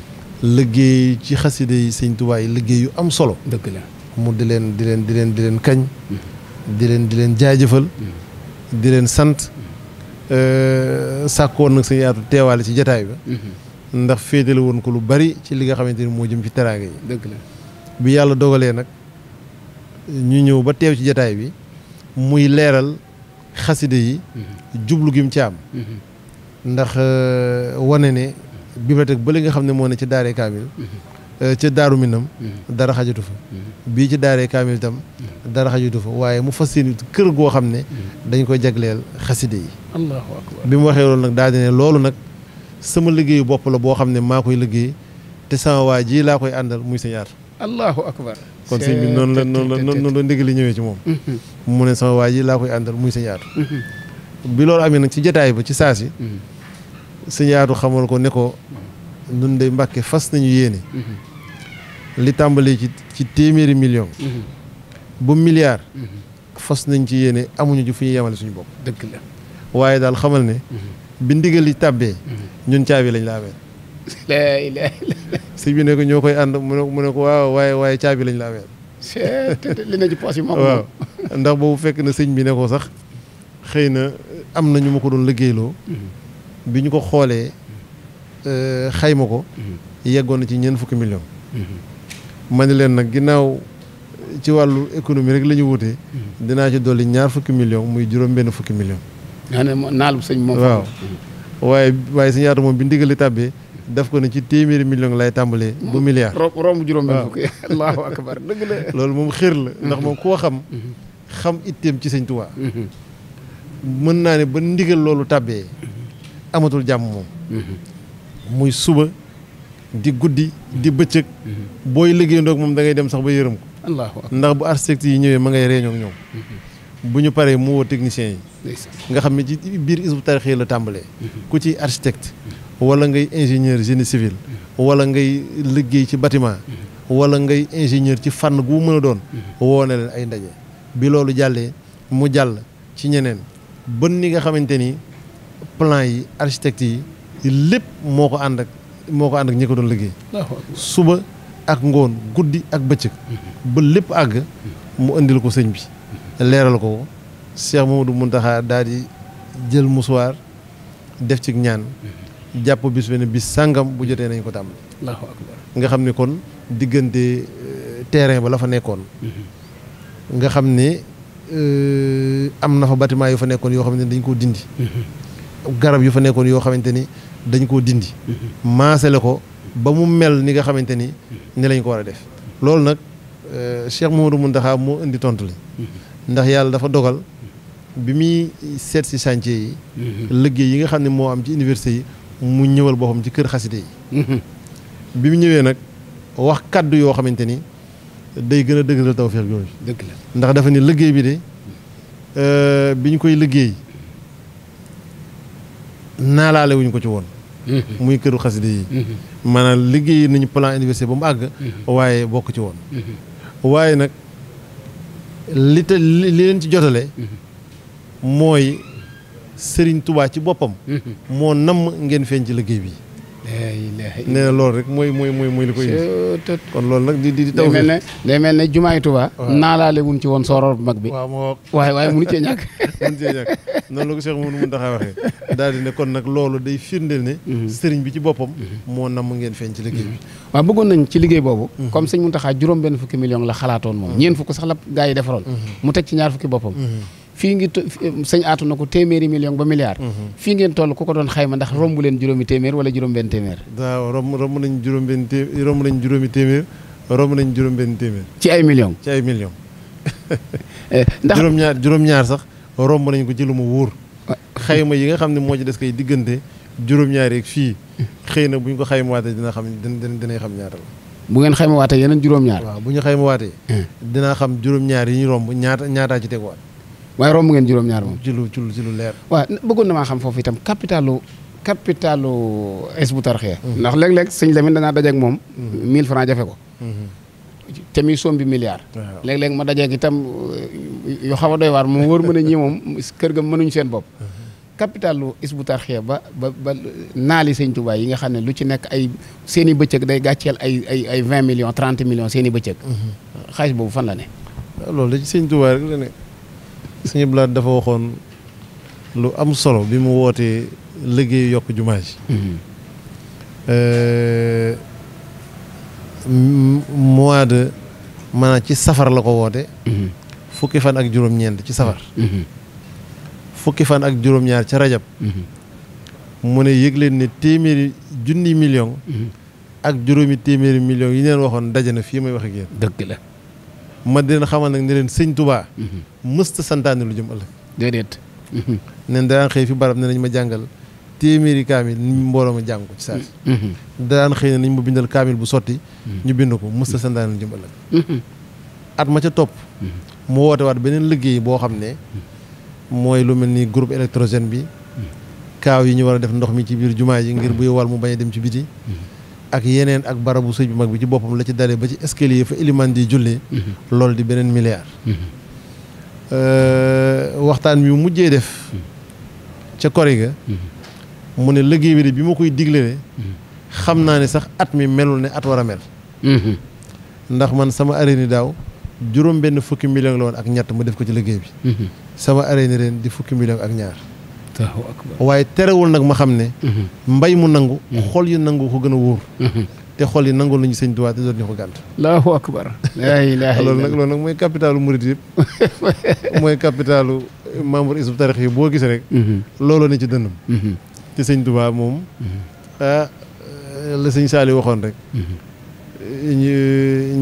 liggéey ci xaside yi sëñ Tuubaa liggéey yu am solo mu di leen di leen di leen di leen kañ di leen di leen jaajëfal di leen sant euh, sàkk woon nag sëñ Aatu teewaale ci jataay bi ndax féetale woon ko lu bari ci li nga xamante ni moo jëm ci teraanga yi dëgg la bi yàlla dogalee nag ñu ñëw ba teew ci jataay bi muy leeral xaside yi jublu gim ci am ndax euh, wane ne bibliothèque ba li nga xam ne moo ne ci daaree kaamil Euh, ca daaru minam hmm. dara xajatu fa hmm. bii ci daaree kaamil tam hmm. dara xajatu fa waaye mu fas yéene kër goo xam ne dañ ko jagleel xaside yi allahu akbar bi mu waxee loolu nag daal di ne loolu nag sama liggéeyu bopp la boo xam ne maa koy liggéey te sama waa ji laa koy àndal muy sañaar allahu akbar kon sëñ bi noonu la noonu la noonu la ndigal li ñëwee ci moom mu ne sama waa ji laa koy àndal muy sañaar loolu amee nag ci jataay ba ci saa si sañaaru xamal ko ne ko nun day mbàkke fas nañu yéene li tàmbalee ci ci téeméeri million mm-hmm. bu milliard mm-hmm. fas nañ ci yéene amuñu ju fu ñuy yemale suñu bopp dëgg la waaye daal xamal ne mm-hmm. bi ndigal li tàbbee ñun caabi lañ la amee laa bi ne ñoo koy ànd mu ne mu ne ko waaw waaye waaye caabi lañ la amee li na ci poos yi moom waaw boobu fekk na sëñ bi ne ko sax xëy na am na ñu ma ko doon liggéeyloo bi ñu ko xoolee euh, xayma ko yeggoon na ci ñeent fukki million ma ne leen nag ginnaaw ci wàllu economie rek lañuy ñu dinaa ci dolli ñaar fukki million muy juróom benn fukki million naalu sëñ moom waaw waaye waaye si Aatu moom bi ndigali tàbbee daf ko ne ci téeméeri million lay tàmbalee bu milliard romb juróom benn fukki allahu akbar dëgg la loolu moom xër la ndax moom koo xam mm-hmm. xam itteem ci sëñ Tuubaa mm-hmm. mën naa ne ba ndigal loolu tàbbee mm-hmm. amatul jàmm moom muy suba di guddi di bëccëg mm-hmm. booy liggéey ak moom da ngay dem sax ba yërëm ko ndax bu architecte yi ñëwee ma ngay réunion ak mm-hmm. bu ñu paree mu woo techniciens yi nga xam ne ci biir isbu tarix yi la tàmbalee mm-hmm. ku ci architecte wala ngay ingénieur génie civil walla ngay liggéey ci bâtiment wala ngay ingénieur ci fànn gu mën a doon woo na ay ndaje bi loolu jàllee mu jàll ci ñeneen bën ni nga xamante ni plan yi architecte yi lépp moo ko ànd ak moo ko ànd ak ñi ko doon liggéey. suba ak ngoon guddi ak bëccëg. ba lépp àgg mu indil ko sëñ bi. leeral ko ko Cheikh Mamadou Mountakha daal di jël musuwaar def ci ñaan. jàpp bis benn bis sàngam bu jotee nañ ko tàmbali. nga xam ne kon diggante euh, terrain ba la fa nekkoon. nga xam ne euh, am na fa bâtiment yu fa nekkoon yoo xamante ni dañ koo dindi. garab yu fa nekkoon yoo xamante ni dañ koo dindi maasale ko ba mu mel ni nga xamante ni ni lañ ko war a def loolu nag euh, Cheikh Mouhamadou Mountakha moo indi tontu li ndax yàlla dafa dogal bi muy seet si chantier yi liggéey yi nga xam ne moo am ci université yi mu ñëwal boppam ci kër xaside yi bi mu ñëwee nag wax kàddu yoo xamante ni day gën a dëgëral tawfeex jooju dëgg la ndax dafa ne liggéey bi de euh, bi ñu koy liggéey naalaale wuñ ko ci woon mm-hmm. muy këru xaside yi mm-hmm. maanaam liggéey nañu plan université ba mu àgg mm-hmm. waaye bokk ci woon waaye nag li te leen ci jotale mooy sëriñ tubaa ci boppam moo namm ngeen feeñ ci liggéey bi nee loolu rek mooy mooy mooy mooy li koy indi kon loolu nag di di taw mel ne day mel ne jumaay Tuubaa naalaale wuñ ci woon sooroor bu mag bi waaw waaye waaye munu cee ñàkk munu cee ñàkk noonu la ko Cheikh Mouhamadou Mountakha waxee daal di ne kon nag loolu day firndeel ne mhm. sëriñ bi ci boppam mhm. moo namm ngeen feeñ ci liggéey bi mhm. waaw bëggoon nañ ci liggéey boobu comme sëñ Mountakha juróom benn fukki million la xalaatoon moom ñeen fukk sax la gaa yi defaroon mu teg ci ñaar fukki boppam fii ngi sëñ aatu na ko téeméeri million ba milliard mhm. fii ngeen toll ku ko doon xayma ndax romb leen juróomi téeméer wala juróom benn téeméer waaw romb romb nañ juróom benn téeméer nañ juróomi téeméer romb nañ juróom benn téeméer ci ay million ci ay million eh, ndax juróom-ñaar juróom sax romb nañ ko ci lu mu wóor ah. xayma yi nga xam ne moo ci des kay diggante juróom-ñaar yeeg fii xëy na bu ñu ko xaymawaatee dina xam dina dina xam ñaata bu ngeen xaymawaatee yeneen juróom-ñaar waaw bu ñu xaymawaatee eh. dinaa xam juróom-ñaar yi ñu romb ñaata ñaataa ci teguwaat waaye romb ngeen juróom-ñaar moom. ci lu ci lu leer. waaw bëggoon na maa xam foofu itam capitalu capitalu Hizbut Tarqiyyah. Mm-hmm. ndax léeg-léeg sëñ Lamine danaa dajeeg moom. 1000 mm-hmm. francs jafe ko. Mm-hmm. te muy somme bi milliard. léeg-léeg ma dajeeg itam tam euh, xaw a doy waar mu wóor ma ne ñii moom kër ga mënuñ seen bopp. capitalu Hizbut Tarqiyyah ba ba ba naali sëñ Tuubaa yi nga xam ne lu ci nekk ay seen i bëccëg day gàcceel ay ay ay 20 millions 30 millions seen i bëccëg. boobu fan la ne. loolu la ci sëñ Tuubaa suñu blaat dafa waxoon lu am solo bi mu wootee liggéey yokk jumaa ji mhm. euh, mois de maanaam ci safar la ko woote mhm. fukki fan ak juróom-ñeent ci safar mhm. fukki fan ak juróom-ñaar ca rajab mu ne yëg leen ne téeméeri junni million ak juróomi téeméeri million yi neen waxoon daje na fii may wax ak yéen dëgg la ma di leen xamal nag ne leen sëñ tubaa mhm. mësta santaane lu jëm ëllëg déedéet mhm. nen daan xëy fi barab ne nañ ma jàngal téeméeri kaamil ni mbooloo ma jàng ko ci saasi mhm. daan xëy ne nañ ma bindal kaamil bu sotti ñu bind ko mësta santaane lu jëm ëllëg at ma ca topp mu woote waat beneen liggéey boo xam ne mooy lu mel ni groupe électrogène bi kaaw yi ñu war a def ndox mi ci biir jumaa yi ngir buy wal mu bañ dem ci biti ak yeneen ak barabu sëñ bu mag bi ci boppam la ci dalee ba ci escalier fa iliman di jullee mhm. loolu di beneen milliard mhm. euh, waxtaan bi mu mujjee def mhm. ca kori ga mu ne liggéey bi de bi ma koy digle xam naa ne sax at mi melul ne at war a mel ndax man sama aréni daaw juróom benn fukki million la woon ak ñett mu def ko ci liggéey bi sama aréni ren di fukki million ak ñaar waaye terewul nag ma xam ne mhm. mbay mu nangu mhm. xol yi nangu ko gën a wóor mhm. te xol yi nangu nañu sëñ Tuubaa te doon ñu ko gànt allahu akbar laa ilaaha loolu nag nag mooy capitalu murit yëpp mooy capitalu membre isub tarix yi boo gis rek looloo ne ci dënnam te sëñ Tuubaa moom ah, la sëñ Saali waxoon rek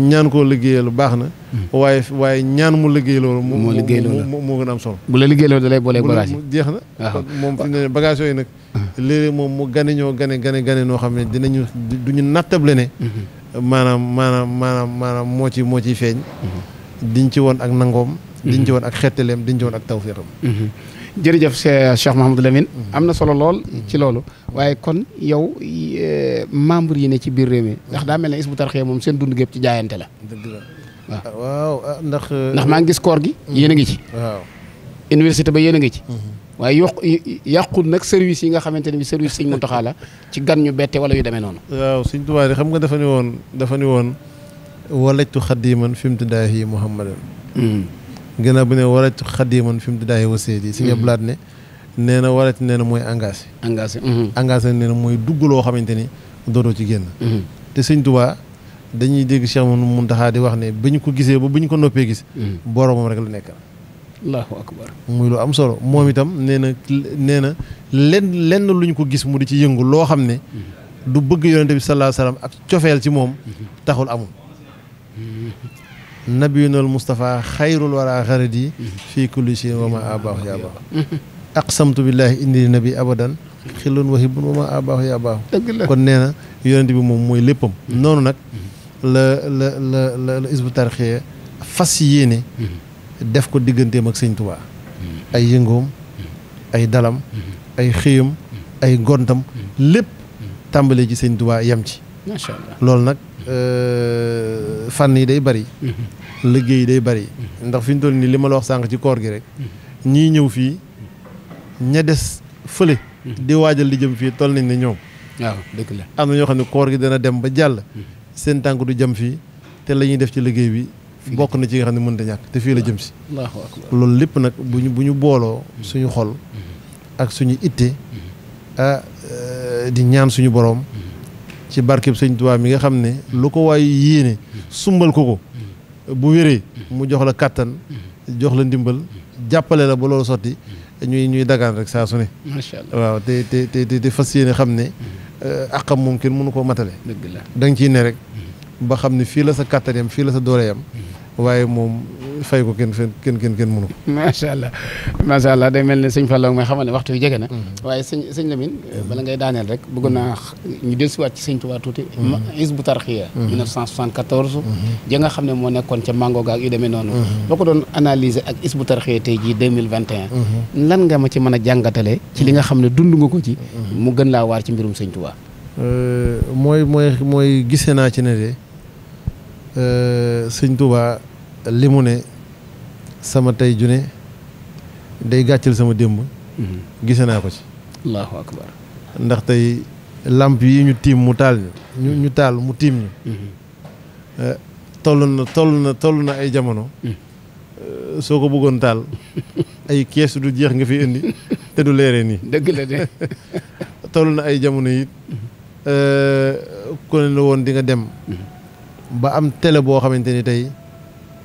ñaan koo liggéeyal baax na. Hmm. waaye waaye ñaan mu liggéey loolu. moo liggéey loolu moo moo gën a am solo. bu la liggéey loolu da lay boole bagage yi jeex na. waaw ah. moom fi ne bagage nag. Ah. léeg moom mu gane ñoo gane gane gane noo xam ne dina dinañu duñu nattable ne. Hmm. maanaam maanaam maanaam maanaam moo ci moo ciy feeñ. Hmm. diñ ci woon ak nangoom. diñ ci woon ak xettaleem diñ ci woon ak tawféexam. jërëjëf Cheikh Mahamadou Lamine mm. am na solo lool mm. ci loolu waaye kon yow eh, membre yi ne ci biir réew mi ndax daa mel ne bu Tarqiyyah moom seen dund gépp ci jaayante la dëgg la waaw ah, ah, ndax ndax euh, maa ngi gis koor gi mm. yéen a ngi ci waaw université ba yéen a ngi ci mm-hmm. waaye yokk yàqul nag service yi nga xamante ne bi service siñ Muntaxa la ci gan ñu bette wala yu demee noonu waaw Sëñ Tuubaa xam nga dafa ni woon dafa ni woon walajtu xadiman fi mtidaahi Muhammadan gannaaw bu ne waraj xadiman fi mu di daay waseet yi suñu blaat ne nee na waraj nee na mooy engagé engagé mm-hmm. engagé nee na mooy dugg loo xamante ni doodoo ci génn mm-hmm. te sëñ Tuubaa dañuy dégg mun Mountakha di wax ne bi ñu ko gisee ba bi ñu ko noppee gis mm-hmm. boromam rek la nekka allahu akbar muy lu am solo moom itam nee na nee na lenn lenn lu ñu ko gis mu di ci yëngu loo xam ne du bëgg yonente bi sallallahu alayhi wasallam ak cofeel ci moom taxul amul nabiyunal Moustapha xayrul wara xaradi fii kulli shay'in wa ma abaahu yaa baahu aqsamtu indi nabi abadan xillun wa hibun abaahu yaa baahu kon nee na yonent bi moom mooy léppam mm-hmm. noonu nag la la la isbu tarxee fas yéene mm-hmm. def ko digganteem ak sëñ Tuubaa mm-hmm. ay yëngoom ay dalam ay xëyam ay gontam lépp tàmbalee ci sëñ Tuubaa yem ci macha loolu nag euh, fànn yi day bari liggéey day bari ndax fi ñu toll nii li ma la wax sànq ci koor gi rek ñii ñëw fii ña des fële di waajal li jëm fii toll nañ ne ñoom waaw dëgg la am na ñoo xam ne koor gi dana dem ba jàll seen tànk du jëm fii te lañuy def ci liggéey bi bokk na ci nga xam ne mënta ñàkk te fii la jëm si loolu lépp nag bu ñu bu ñu booloo suñu xol ak suñu itte ah, euh, di ñaan suñu boroom ci bi sëñ tuwaa mi nga xam ne lu ko waay yéene sumbal ko ko bu wéree mu jox la kàttan jox la ndimbal jàppale la ba loolu sotti ñuy ñuy dagaan rek saa su ne macha waaw te te te te fas yéene xam ne euh, àqam moom kenn mënu koo matale dëgg la da ciy ne rek ba xam ne fii la sa kàttan yam fii la sa doole yam mm. waaye moom fay ko kenn kenn kenn kenn mënu ko. macha allah macha allah day mel ne sëñ Fallou may xamal ne waxtu wi jege na. Mm-hmm. waaye sëñ sëñ Lamine. Mm-hmm. bala ngay daaneel rek bëgg naa ñu dellusiwaat ci sëñ Tuubaa tuuti. Mm-hmm. Hizbut lan nga ma ci mën a jàngatale. ci li nga xam ne dund nga ko ci. mu gën laa waar ci mbirum sëñ Tuubaa. Euh, mooy mooy mooy naa ci ne de euh, sëñ Tuubaa. li mu ne sama tey june day gàcceel sama démb mm-hmm. gise naa ko ci allahu akbar ndax tey làmp yi ñu tiim mu taal ñu ñu mm-hmm. taal mu tiim ñu mm-hmm. eh, toll na toll na toll na ay jamono mm. eh, soo ko bëggoon taal ay kees du jeex nga fi indi te du leeree nii dëgg la de toll na ay jamono yi eh, ku ne la woon di nga dem ba am tele boo xamante ni tey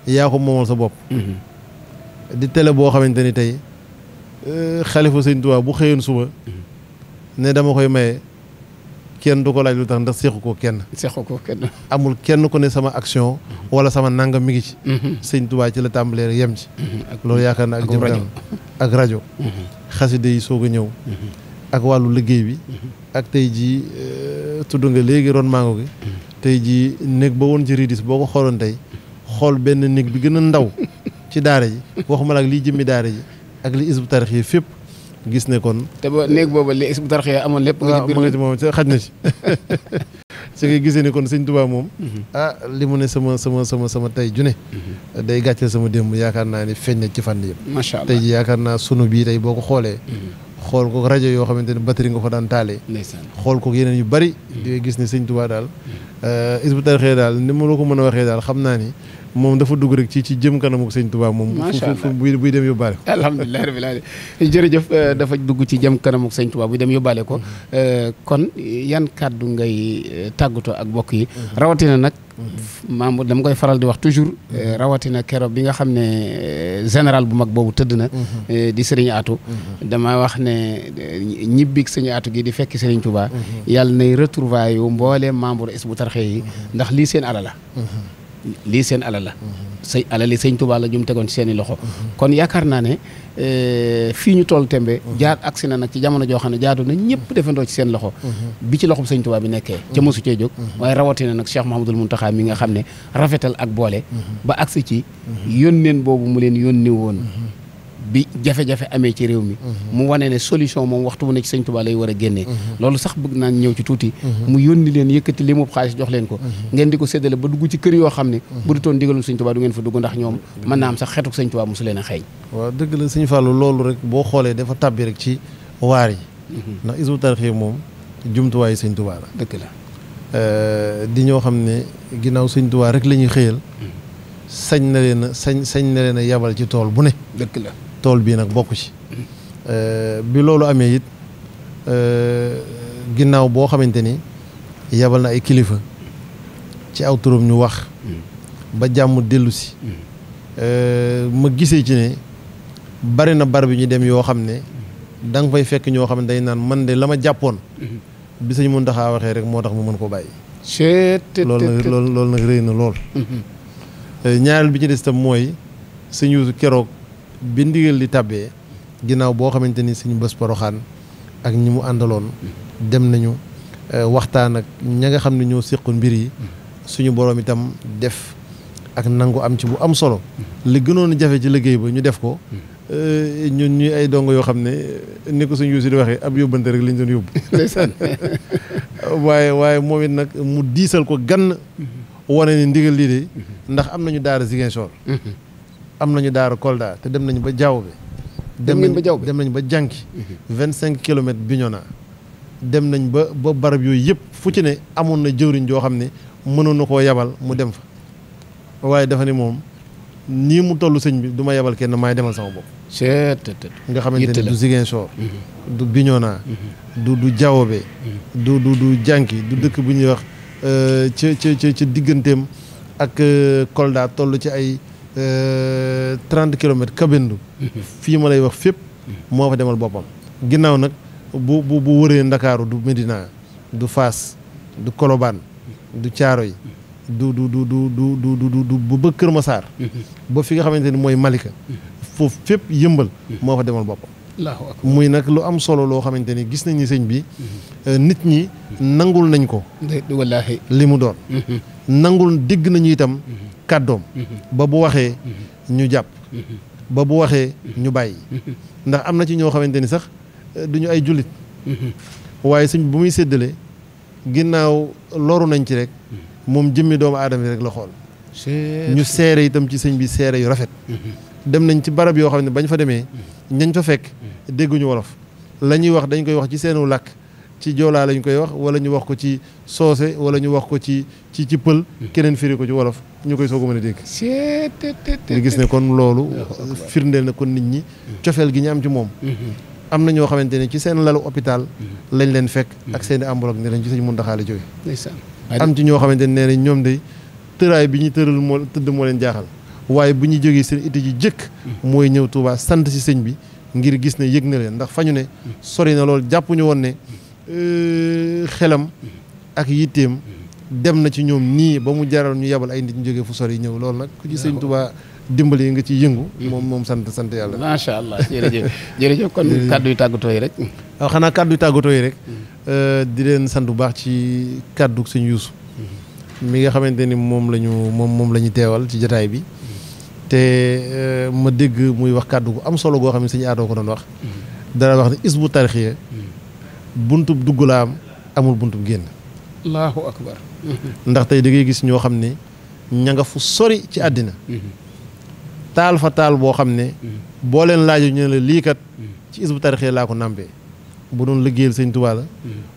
yaa ko moomal sa bopp mhm. di télé boo xamante ni tey euh, xalifa sëñ Tuubaa bu xëyoon suba mhm. ne dama koy maye kenn du ko laaj lu tax ndax seexu ko kenn seexu ko kenn amul kenn ku ne sama action mhm. wala sama nangam mi ngi ci sëñ Tuubaa ci la tàmbalee rek yem ci loolu yaakaar na ak jëm kanam ak rajo xaside yi soog a ñëw ak wàllu liggéey bi ak tey jii euh, tudd nga léegi ron mango gi tey jii néeg ba woon ci ridis boo ko xooloon tey xool benn néeg bi gën a ndaw ci daare ji waxuma la ak liy jëmmi daare ji ak li isbu tarix yi fépp gis ne kon. te ba néeg boobu li bu tarix yi amoon lépp. nga ci biir moom xaj na ci. su nga gisee ne kon sëñ Tuubaa moom. Mhm. ah li mu ne sama sama sama sama tey june. Mhm. day gàcceel sama démb yaakaar naa ni feeñ na ci fànn macha allah yaakaar naa sunu bii tey boo ko xoolee. Mhm. xool ko rajo yoo xamante ne batterie nga ko daan taalee xool ko yeneen yu bari mm. di gis ne sëñ Tuubaa daal mm. euh, Hizbut Tarqiyyah daal ni ma la ko mën a waxee daal xam naa ni moom dafa dugg rek ci ci jëm kanamu sëñ Tuubaa moom fu buy dem yóbbaale ko alhamdulilah rabbil jërëjëf euh, dafa dugg ci jëm kanamu sëñ Tuubaa buy dem yóbbaale ko mm. euh, kon yan kàddu ngay tàggatoo ak bokk yi rawatina nag membre dama koy faral di wax toujours mm-hmm. euh, rawatina keroog bi nga xam ne euh, général bu mag boobu tëdd na mm-hmm. euh, di sëriñ atu mm-hmm. dama wax ne ñibbig sëriñ Atou gi di fekki sëriñ Touba yàlla nay retrouvailles yu mboolee membre Hizbut Tarqiyyah yi ndax lii seen ala la lii seen ala la sëñ alali sëñ Tuubaa la jum tegoon ci seen i loxo kon yaakaar naa ne euh, fii ñu toll tembe jaar agsi na nag ci jamono joo xam ne jaadu na ñëpp defandoo ci seen loxo mhm. bi ci loxo sëñ Tuubaa bi nekkee ca mosu cee jóg mhm. waaye rawatina nag Cheikh Mahamadul Muntaxaa mi nga xam ne rafetal ak boole mhm. ba agsi ci yónneen boobu mu leen yónni bi jafe-jafe amee ci réew mi mhm. mu wane ne solution moom waxtu wu ne ci sëñ Tuubaa lay war a génnee mhm. loolu sax bëgg naa ñëw ci tuuti mhm. mu yónni leen yëkkati li mu xaalis jox leen ko ngeen di ko séddale ba dugg ci kër yoo xam ne bu du toon digalul sëñ Tuubaa du ngeen fa dugg ndax ñoom mën am sax xetuk sëñ Tuubaa mosu leen a dëgg la sëñ Fallou loolu rek boo xoolee dafa tàbbi rek ci waar yi ndax Hizbut Tarqiyyah moom jumtuwaayu sëñ Tuubaa la dëgg la euh, di ñoo xam ne ginnaaw sëñ Tuubaa rek la ñuy xëyal sañ na leen sañ sañ na leen a yabal ci tool bu ne dëgg la tool bii nag bokk ci euh, bi loolu amee it euh, ginnaaw boo xamante ni yabal na ay kilifa ci aw turam ñu wax ba jàmm dellu si euh, ma gisee ci ne bari na bar bi ñu dem yoo xam ne da nga fay fekk ñoo xam ne day naan man de la ma jàppoon bi Sëñ Muntaxa waxee rek moo tax mu mën ko bàyyi loolu nag loolu nag rëy na lool ñaareel bi ci des tam mooy Sëñ Yuusu keroog bi ndigal li tàbbee ginnaaw boo xamante ni suñu bés poroxaan ak ñi mu àndaloon dem nañu euh, waxtaan ak ña nga xam ne ñoo séqu mbir yi suñu boroom itam def ak nangu am ci bu am solo li gënoon jafe ci liggéey ba ñu def ko euh, ñun ñuy ay dongo yoo xam ne ni ko suñu yuusi di waxee ab yóbbante rek lañ doon yóbbu waaye waaye moom it nag mu diisal ko gann mm-hmm. wane ni ndigal lii de mm-hmm. ndax am nañu daara Ziguinchor mm-hmm. am nañu daaru Kolda te dem nañu ba jaww bi. dem nañu ba dem nañu ba jànki. Mhm. vingt cinq kilomètres Bignona dem nañ ba ba barab yooyu yëpp fu ci ne amoon na jëwriñ joo xam ne mënoon na koo yabal mu dem fa waaye dafa ne moom nii mu toll sëñ bi du ma yabal kenn maay demal sama bopp. nga xamante ne du Ziguinchor. Mhm. du naa mhm. du du Diaobé. du du du jànki du dëkk bu ñuy wax euh, ca ca ca digganteem ak euh, Kolda toll ci ay. Euh, trente kilomètres Kabindu. Mm-hmm. fii ma lay wax fépp. Mm-hmm. moo fa demal boppam. ginnaaw nag bu bu bu wëree Ndakaaru du Médina du Faas du Colobane du Thiaroye du du du du du du du bu ba Kër Massar. Mm-hmm. ba fi nga xamante ni mooy Malika. foofu fépp yëmbal. moo fa demal boppam. muy nag lu am solo loo xamante ni gis nañ ni bi. Euh, nit ñi nangul nañ ko. wallaahi li mu doon. nangul dégg nañu itam. kàddoom mm-hmm. ba bu waxee mm-hmm. ñu jàpp mm-hmm. ba bu waxee ñu bàyyi ndax am na ci ñoo xamante ni sax eh, du ñu ay jullit waaye suñ bu muy séddalee ginnaaw loru nañ ci rek moom jëmmi doomu aadama yi rek la xool ñu seere tam ci sëñ bi seere yu rafet dem nañ ci barab yoo xam ne bañ fa demee ñañ fa fekk dégguñu wolof la ñuy wax dañ koy wax ci seenu làkk ci joolaa lañ koy wax wala ñu wax ko ci soose wala ñu wax ko ci ci ci pël hmm. keneen firi ko ci wolof ñu koy soog a mën a dégg ñu gis ne kon loolu firnde ne kon nit ñi hmm. cofeel gi ñu am ci moom hmm. am na ñoo xamante ne ci seen lalu hôpital lañ leen fekk ak seen i ambulance ne lañ ci sëñ Muntaxa la jóge am ci ñoo xamante ne nee nañ ñoom de tëraay bi ñu tëral moo tëdd moo leen jaaxal waaye bu ñu jógee seen itti ji jëkk mooy ñëw Tuubaa sant si sëñ bi ngir gis ne yëg na leen ndax fa ñu ne sori na loolu jàppuñu woon ne Euh, xelam ak yitteem dem na ci ñoom nii ba mu jaral ñu yabal ay nit ñu jógee fu sori ñëw loolu nag ku ci sëñ Tuubaa dimbali nga ci yëngu moom moom sant sant yàlla macha allah jërëjëf jërëjëf kon kàddu yu tàggatoo rek waaw xanaa kàddu yu tàggatoo yi rek mm-hmm. euh, di leen sant bu baax ci kàddu sëñ Yuusu mm-hmm. mi nga xamante ni moom lañu moom moom la ñu teewal ci jataay bi mm-hmm. te euh, ma dégg muy wax kàddu gu am solo goo xam ne sëñ aatoo ko doon wax dara wax ne isbu tarxiya bunt bu dugg la am amul bu génn. allahu ndax tey da ngay gis ñoo xam ne ña nga fu sori ci àddina. taal fa taal boo xam ne. boo leen laajee ñu ne la lii kat ci isbu tarixee laa ko nàmbee bu doon liggéeyal sëñ Tuubaa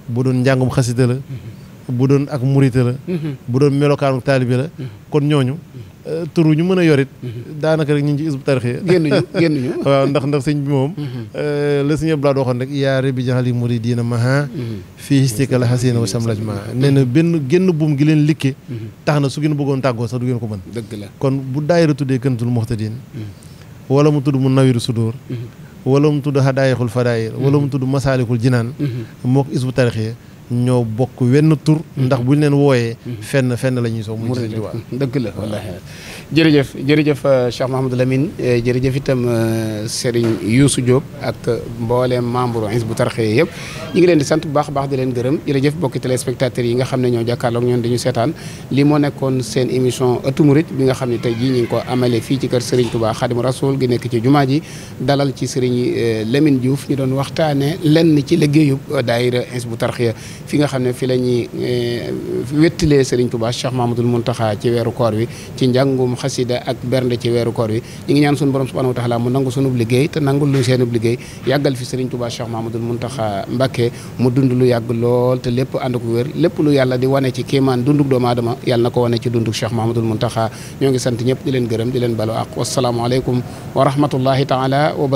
bu doon njàngum xasida la. bu doon ak murite la mhm. bu doon melokaanu taalibe la mhm. kon ñooñu mhm. euh, turu ñu mën a yorit daanaka rek ñu ngi ci isbu tarixee génnuñu génnuñu waaw ndax ndax sëñ bi moom euh, la sëñ Abdoulaye waxoon rek yaa rabbi jaxali muridiina maha fii histika la xasina wa samlaj maha nee na benn génn buum gi leen likke tax na su ngeen bëggoon tàggoo sax du ngeen ko mën dëgg la kon bu daayira tuddee Kanzul Muhtadin wala mu tudd mu nawiru sudur wala mu tudd hadayixul fadaayir wala mu tudd masaalikul jinaan moo ko isbu tarixee ñoo bokk wenn tur. ndax mhm. bu ñu leen wooyee. Mhm. fenn fenn la ñuy soo mu sëñ Tuubaa dëgg la jërëjëf jërëjëf euh, Cheikh Mahamadou Lamine euh, jërëjëf itam euh, Serigne Youssou Diop ak mbooleem membre Hizbut Tarqiyyah yëpp ñu ngi leen di sant bu baax a baax di leen gërëm jërëjëf bokki spectateur yi nga xam ne ñoo jàkkaarloog ñoo dañu seetaan li moo nekkoon seen émission Ëttu bi nga xam ne tey jii ñu ngi ko amale fii ci kër Serigne Touba Khadim Rasoul gi nekk ci jumaa ji dalal ci Serigne Lamine Diouf ñu doon waxtaane lenn ci liggéeyub daayira Hizbut Tarqiyyah fi nga xam ne fi la ñuy wéttalee Serigne Touba Cheikh Mahamadou Mountakha ci weeru koor wi ci njàngum xasida ak bernde ci weeru koor wi ñu ngi ñaan suñu borom subhanahu wa taala mu nangu sunub liggéey te nangul luñ seenub liggéey yàggal fi Serigne Touba Cheikh Mahamadoul Mountakha Mbacké mu dund lu yàgg lool te lépp ànd wér lépp lu yàlla di wane ci kéemaan dunduk doomu aadama yàlla na ko wane ci dunduk Cheikh Mahamadoul Mountakha ñoo ngi sant ñëpp di leen gërëm di leen balu ak wasalaamualeykum wa rahmatullahi taala wa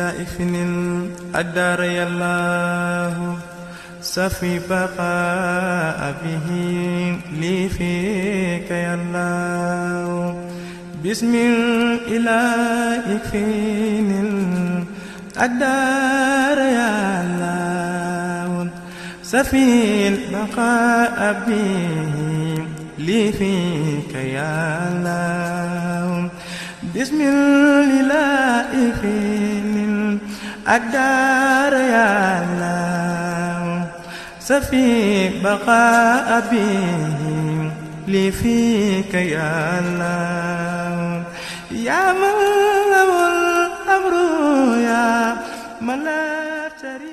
لائفن الأدار يا الله سفي بقاء به لي فيك يا الله بسم الإله يكفين الأدار يا الله سفي البقاء به لي فيك يا الله بسم الإله يكفين ak daara yàllaam safiik baqaa abihim li fiika yàllaam yaa man lahul amru yaa man laa